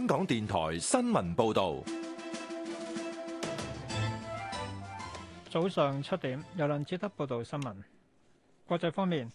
香港電台新聞報道，早上七點，由梁哲德報道新聞。國際方面，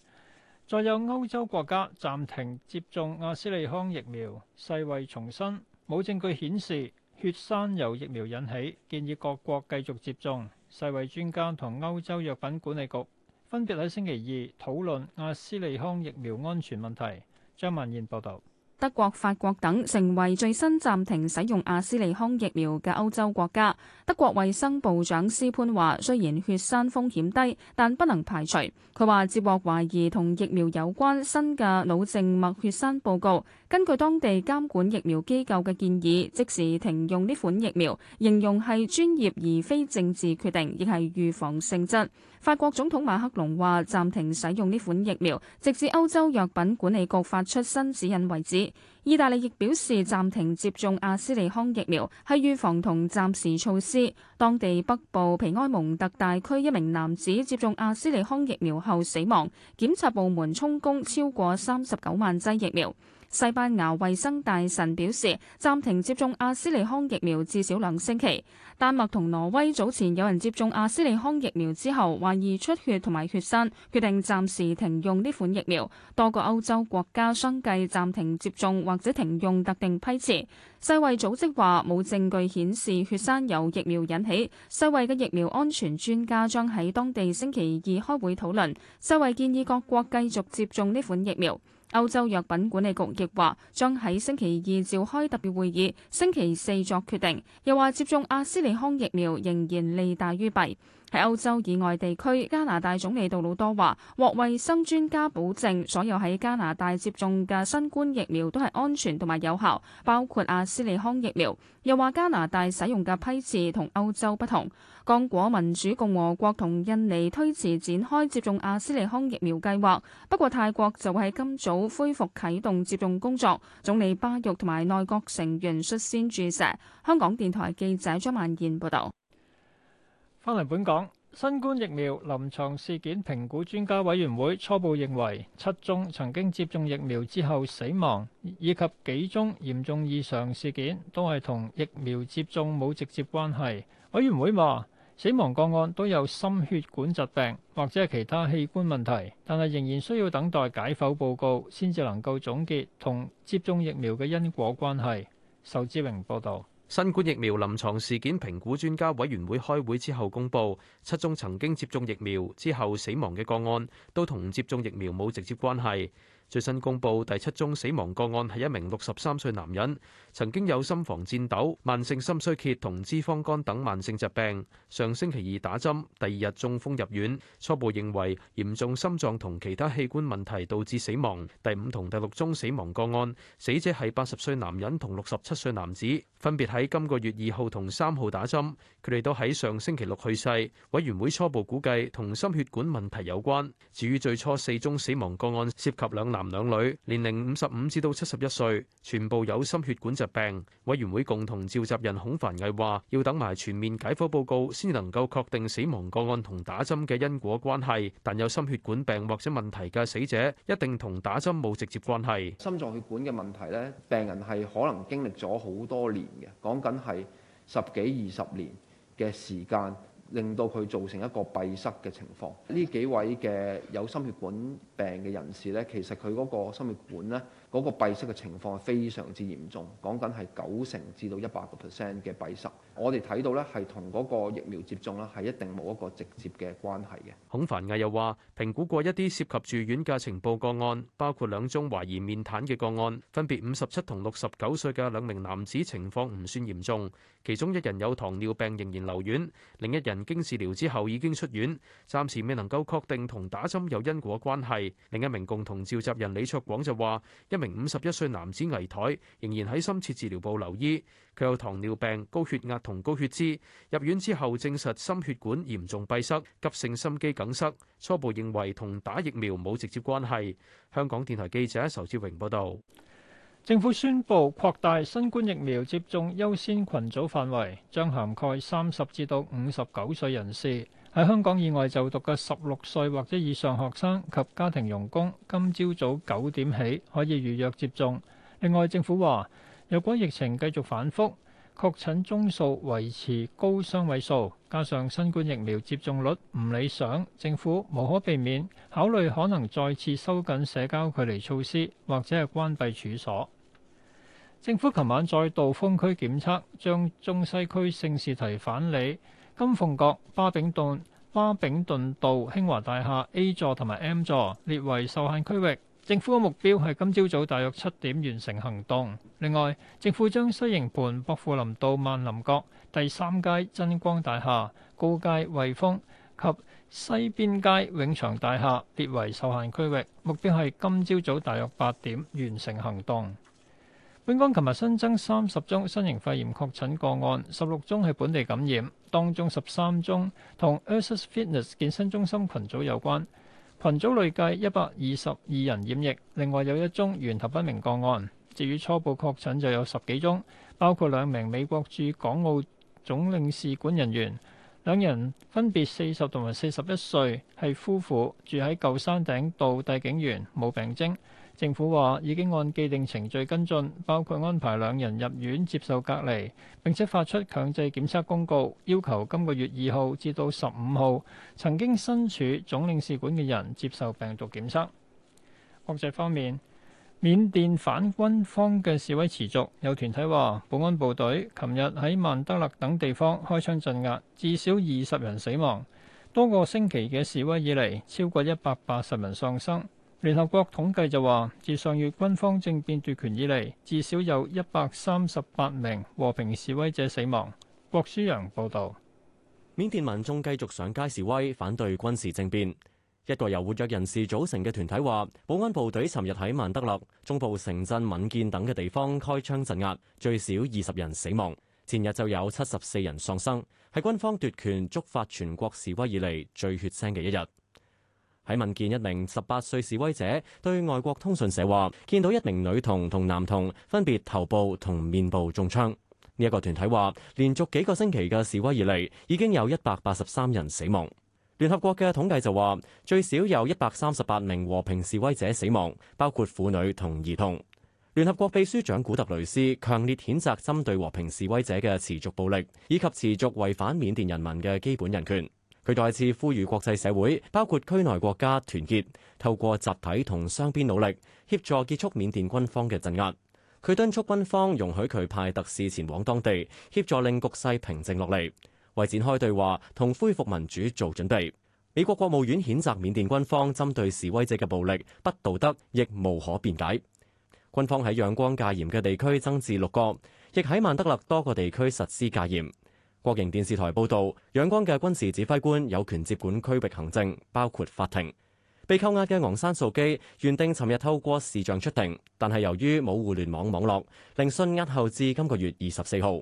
再有歐洲國家暫停接種阿斯利康疫苗，世衛重申冇證據顯示血栓由疫苗引起，建議各國繼續接種。世衛專家同歐洲藥品管理局分別喺星期二討論阿斯利康疫苗安全問題。張萬燕報道。德國、法國等成為最新暫停使用阿斯利康疫苗嘅歐洲國家。德國衛生部長斯潘話：雖然血栓風險低，但不能排除。佢話接獲懷疑同疫苗有關新嘅腦靜脈血栓報告。根據當地監管疫苗機構嘅建議，即時停用呢款疫苗，形容係專業而非政治決定，亦係預防性質。法國總統馬克龍話暫停使用呢款疫苗，直至歐洲藥品管理局發出新指引為止。意大利亦表示暫停接種阿斯利康疫苗，係預防同暫時措施。當地北部皮埃蒙特大區一名男子接種阿斯利康疫苗後死亡，檢察部門充公超過三十九萬劑疫苗。西班牙衛生大臣表示，暫停接種阿斯利康疫苗至少兩星期。丹麥同挪威早前有人接種阿斯利康疫苗之後，懷疑出血同埋血栓，決定暫時停用呢款疫苗。多個歐洲國家相繼暫停接種或者停用特定批次。世衛組織話，冇證據顯示血栓由疫苗引起。世衛嘅疫苗安全專家將喺當地星期二開會討論。世衛建議各國繼續接種呢款疫苗。歐洲藥品管理局亦話將喺星期二召開特別會議，星期四作決定。又話接種阿斯利康疫苗仍然利大於弊。喺歐洲以外地區，加拿大總理杜魯多話獲衞生專家保證，所有喺加拿大接種嘅新冠疫苗都係安全同埋有效，包括阿斯利康疫苗。又話加拿大使用嘅批次同歐洲不同。剛果民主共和國同印尼推遲展開接種阿斯利康疫苗計劃，不過泰國就會喺今早恢復啟動接種工作，總理巴育同埋內閣成員率先注射。香港電台記者張曼燕報道。翻嚟本港，新冠疫苗臨床事件評估專家委員會初步認為，七宗曾經接種疫苗之後死亡，以及幾宗嚴重異常事件，都係同疫苗接種冇直接關係。委員會話，死亡個案都有心血管疾病或者係其他器官問題，但係仍然需要等待解剖報告先至能夠總結同接種疫苗嘅因果關係。仇志榮報導。新冠疫苗臨床事件評估專家委員會開會之後公佈，七宗曾經接種疫苗之後死亡嘅個案，都同接種疫苗冇直接關係。最新公布，第七宗死亡個案係一名六十三歲男人，曾經有心房顫抖、慢性心衰竭同脂肪肝等慢性疾病。上星期二打針，第二日中風入院，初步認為嚴重心臟同其他器官問題導致死亡。第五同第六宗死亡個案，死者係八十歲男人同六十七歲男子，分別喺今個月二號同三號打針，佢哋都喺上星期六去世。委員會初步估計同心血管問題有關。至於最初四宗死亡個案涉及兩男。兩女年齡五十五至到七十一歲，全部有心血管疾病。委員會共同召集人孔凡毅話：要等埋全面解剖報告，先能夠確定死亡個案同打針嘅因果關係。但有心血管病或者問題嘅死者，一定同打針冇直接關係。心臟血管嘅問題呢，病人係可能經歷咗好多年嘅，講緊係十幾二十年嘅時間。令到佢造成一個閉塞嘅情況。呢幾位嘅有心血管病嘅人士咧，其實佢嗰個心血管咧，嗰個閉塞嘅情況係非常之嚴重，講緊係九成至到一百個 percent 嘅閉塞。我哋睇到咧，係同嗰個疫苗接種啦，係一定冇一個直接嘅關係嘅。孔繁毅又話：評估過一啲涉及住院嘅呈報個案，包括兩宗懷疑面癱嘅個案，分別五十七同六十九歲嘅兩名男子情況唔算嚴重，其中一人有糖尿病仍然留院，另一人經治療之後已經出院，暫時未能夠確定同打針有因果關係。另一名共同召集人李卓廣就話：一名五十一歲男子危殆，仍然喺深切治療部留醫。佢有糖尿病、高血壓同高血脂，入院之後證實心血管嚴重閉塞、急性心肌梗塞，初步認為同打疫苗冇直接關係。香港電台記者仇志榮報導。政府宣布擴大新冠疫苗接種優先群組範圍，將涵蓋三十至到五十九歲人士，喺香港以外就讀嘅十六歲或者以上學生及家庭傭工，今朝早九點起可以預約接種。另外，政府話，若果疫情繼續反覆，確診宗數維持高雙位數，加上新冠疫苗接種率唔理想，政府無可避免考慮可能再次收緊社交距離措施，或者係關閉處所。政府琴晚再度封區檢測，將中西區聖士提反里、金鳳閣、巴炳頓、巴炳頓道、興華大廈 A 座同埋 M 座列為受限區域。政府嘅目標係今朝早，早大約七點完成行動。另外，政府將西營盤薄扶林道萬林閣第三街真光大廈高街惠豐及西邊街永祥大廈列為受限區域，目標係今朝早，早大約八點完成行動。本港琴日新增三十宗新型肺炎確診個案，十六宗係本地感染，當中十三宗同 Ursus Fitness 健身中心群組有關。群組累計一百二十二人染疫，另外有一宗源頭不明個案。至於初步確診就有十幾宗，包括兩名美國駐港澳總領事館人員，兩人分別四十同埋四十一歲，係夫婦，住喺舊山頂道，帝景園，冇病徵。政府話已經按既定程序跟進，包括安排兩人入院接受隔離，並且發出強制檢測公告，要求今個月二號至到十五號曾經身處總領事館嘅人接受病毒檢測。國際方面，緬甸反軍方嘅示威持續，有團體話保安部隊琴日喺曼德勒等地方開槍鎮壓，至少二十人死亡。多個星期嘅示威以嚟，超過一百八十人喪生。聯合國統計就話，自上月軍方政變奪權以嚟，至少有一百三十八名和平示威者死亡。郭舒陽報導，緬甸民眾繼續上街示威，反對軍事政變。一個由活躍人士組成嘅團體話，保安部隊尋日喺曼德勒中部城鎮敏建等嘅地方開槍鎮壓，最少二十人死亡。前日就有七十四人喪生，係軍方奪權觸發全國示威以嚟最血腥嘅一日。喺民建一名十八歲示威者對外國通訊社話，見到一名女童同男童分別頭部同面部中槍。呢、這、一個團體話，連續幾個星期嘅示威以嚟，已經有一百八十三人死亡。聯合國嘅統計就話，最少有一百三十八名和平示威者死亡，包括婦女同兒童。聯合國秘書長古特雷斯強烈譴責針對和平示威者嘅持續暴力，以及持續違反緬甸人民嘅基本人權。佢再次呼籲國際社會，包括區內國家，團結，透過集體同雙邊努力，協助結束緬甸軍方嘅鎮壓。佢敦促軍方容許佢派特使前往當地，協助令局勢平靜落嚟，為展開對話同恢復民主做準備。美國國務院譴責緬甸軍方針對示威者嘅暴力，不道德，亦無可辯解。軍方喺仰光戒嚴嘅地區增至六個，亦喺曼德勒多個地區實施戒嚴。國營電視台報導，仰光嘅軍事指揮官有權接管區域行政，包括法庭。被扣押嘅昂山素基原定尋日透過視像出庭，但係由於冇互聯網網絡，聆訊押後至今個月二十四號。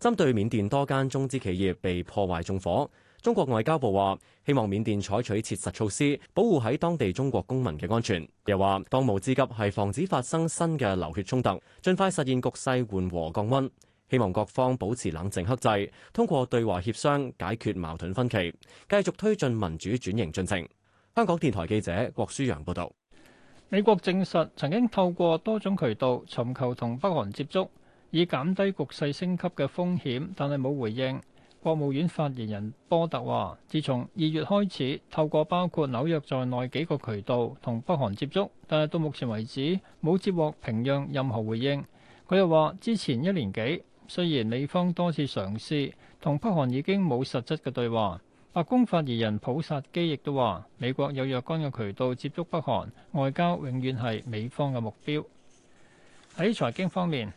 針對緬甸多間中資企業被破壞縱火，中國外交部話希望緬甸採取切實措施，保護喺當地中國公民嘅安全。又話當務之急係防止發生新嘅流血衝突，盡快實現局勢緩和降溫。希望各方保持冷靜克制，通過對話協商解決矛盾分歧，繼續推進民主轉型進程。香港電台記者郭舒陽報道。美國證實曾經透過多種渠道尋求同北韓接觸，以減低局勢升級嘅風險，但係冇回應。國務院發言人波特話，自從二月開始，透過包括紐約在內幾個渠道同北韓接觸，但係到目前為止冇接獲平壤任何回應，佢又話之前一年幾。雖然美方多次嘗試同北韓已經冇實質嘅對話，白宮發言人普薩基亦都話：美國有若干嘅渠道接觸北韓，外交永遠係美方嘅目標。喺財經方面，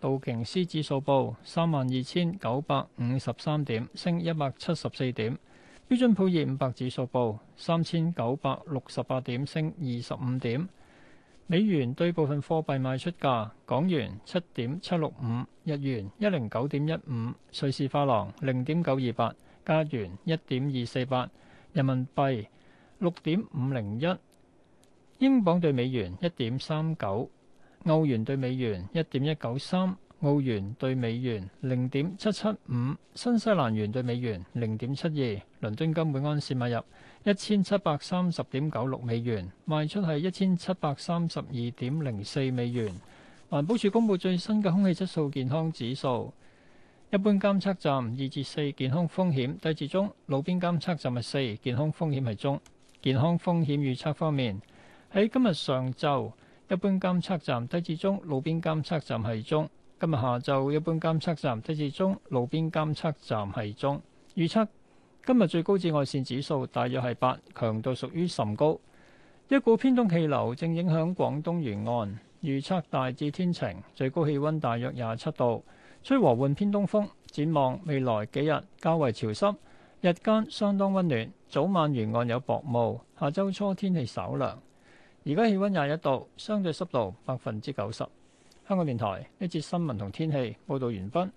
道瓊斯指數報三萬二千九百五十三點，升一百七十四點；標準普爾五百指數報三千九百六十八點，升二十五點。美元兌部分貨幣賣出價：港元七點七六五，日元一零九點一五，瑞士法郎零點九二八，加元一點二四八，人民幣六點五零一，英鎊對美元一點三九，歐元對美元一點一九三。澳元兌美元零點七七五，新西蘭元兌美元零點七二，倫敦金每安士買入一千七百三十點九六美元，賣出係一千七百三十二點零四美元。環保署公布最新嘅空氣質素健康指數，一般監測站二至四健康風險低至中，路邊監測站係四健康風險係中。健康風險預測方面喺今日上晝一般監測站低至中，路邊監測站係中。今日下晝一般監測站低至中，路邊監測站係中。預測今日最高紫外線指數大約係八，強度屬於甚高。一股偏東氣流正影響廣東沿岸，預測大致天晴，最高氣溫大約廿七度，吹和緩偏東風。展望未來幾日較為潮濕，日間相當溫暖，早晚沿岸有薄霧。下周初天氣稍涼。而家氣溫廿一度，相對濕度百分之九十。香港電台一節新聞同天氣報導完畢。